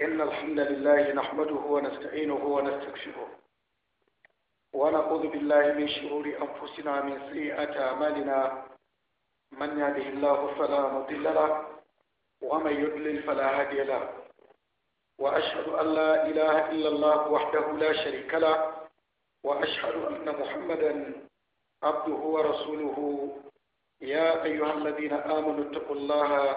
إن الحمد لله نحمده ونستعينه ونستكشفه ونعوذ بالله من شرور أنفسنا من سيئات أعمالنا من يهده الله فلا مضل له ومن يضلل فلا هادي له وأشهد أن لا إله إلا الله وحده لا شريك له وأشهد أن محمدا عبده ورسوله يا أيها الذين آمنوا اتقوا الله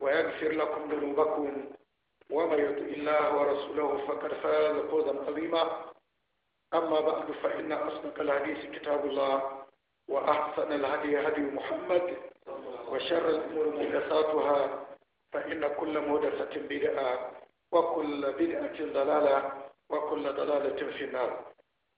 ويغفر لكم ذنوبكم ومن يطع الله ورسوله فقد فاز فوزا عظيما أما بعد فإن أصدق الحديث كتاب الله وأحسن الهدي هدي محمد وشر الأمور محدثاتها فإن كل محدثة بدعة وكل بدعة ضلالة وكل ضلالة في النار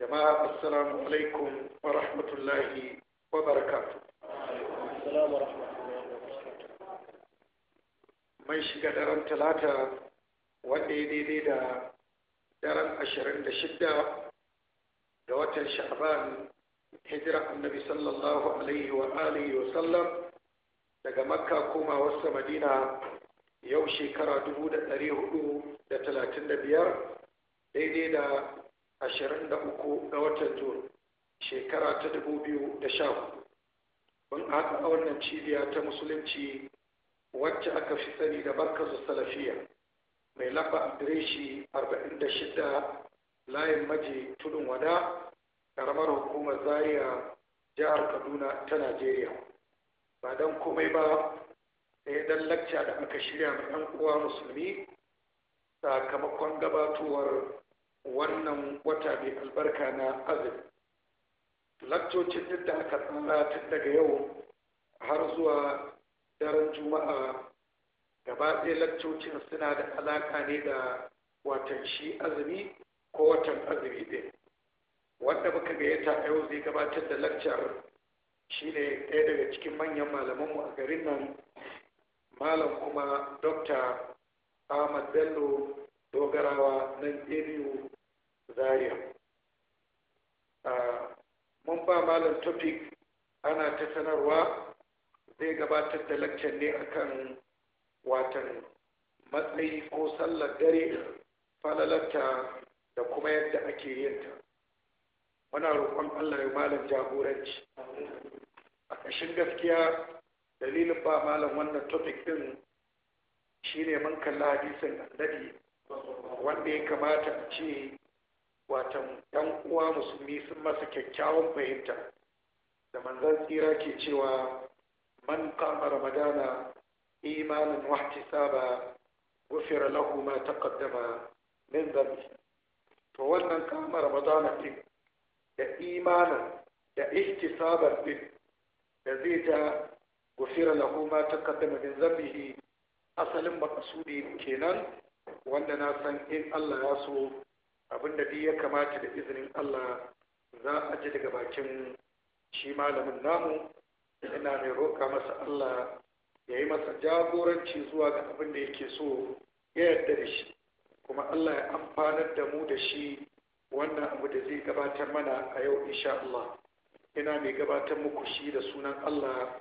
جماعة السلام عليكم ورحمة الله وبركاته السلام ورحمة الله وبركاته mun shiga daren talata wanda ya daidai da daren ashirin da shidda ga watan sha'ban hijira annabi sallallahu alaihi wa alihi wa sallam daga makka koma wasu madina yau shekara dubu da ɗari hudu da talatin da biyar daidai da ashirin da uku ga watan jun shekara ta dubu biyu da sha hudu mun haɗa wannan cibiya ta musulunci wacce aka fi sani da markazu salafiya mai lamba adireshi 46 layin maji tudun wada karamar hukumar zaria jihar kaduna ta najeriya ba don komai ba sai dan lacca da aka shirya mai yan uwa musulmi sakamakon gabatowar wannan wata mai albarka na azumi lakcocin duk da aka tsara tun daga yau har zuwa daren juma'a gaba ɗaya lakcocin suna da alaƙa ne da watan shi azumi ko watan azumi ɗin wanda muka gayyata a yau zai gabatar da lakcar ne ɗaya daga cikin manyan malamanmu a garin nan malam kuma dr ahmad bello dogarawa nan iriyu zaria ah, mun ba malam topic ana ta sanarwa zai gabatar da lakcan ne akan watan matsayi ko sallar dare falalarta da kuma yadda ake yin ta muna roƙon allah ya malam jagoranci a ƙashin gaskiya dalilin ba malam wannan topic din shine mun kalla hadisin annabi wanda ya kamata a ce watan yan uwa musulmi sun masa kyakkyawan fahimta da manzan tsira ke cewa من قام رمضان إيمانا واحتسابا غفر له ما تقدم من ذنبه to wannan kama ramadana da imana da ihtisabar din da zai ta gufira lahu ta kaddama, min zambihi asalin maqsudi kenan wanda na san in Allah ya so abinda duk ya kamata da izinin Allah za a ji daga bakin shi malamin namu ina mai roƙa masa Allah ya yi masa jagoranci zuwa ga abin da yake so ya yarda da shi kuma Allah ya amfanar da mu da shi wannan abu da zai gabatar mana a yau insha Allah ina mai gabatar muku shi da sunan Allah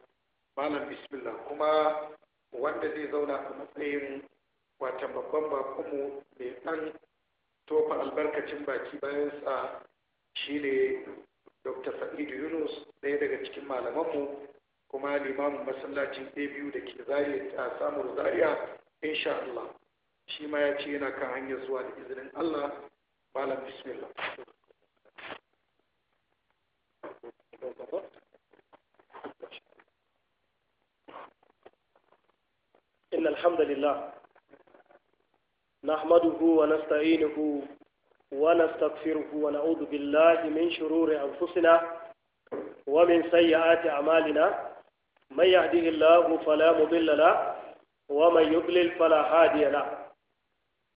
malam bismillah kuma wanda zai zauna a matsayin watan babban bakonmu mai ɗan tofa albarkacin baki bayan sa shi ne. dr sa'idu yunus ɗaya daga cikin malamanmu kuma limamin masallacin a da ke zari a samun zariya insha Allah shi ma ya ce yana kan hanyar zuwa da izinin Allah malam bismillah إن الحمد لله نحمده ونستعينه ونستغفره ونعوذ بالله من شرور أنفسنا ومن سيئات أعمالنا من يهده الله فلا مضل له ومن يضلل فلا هادي له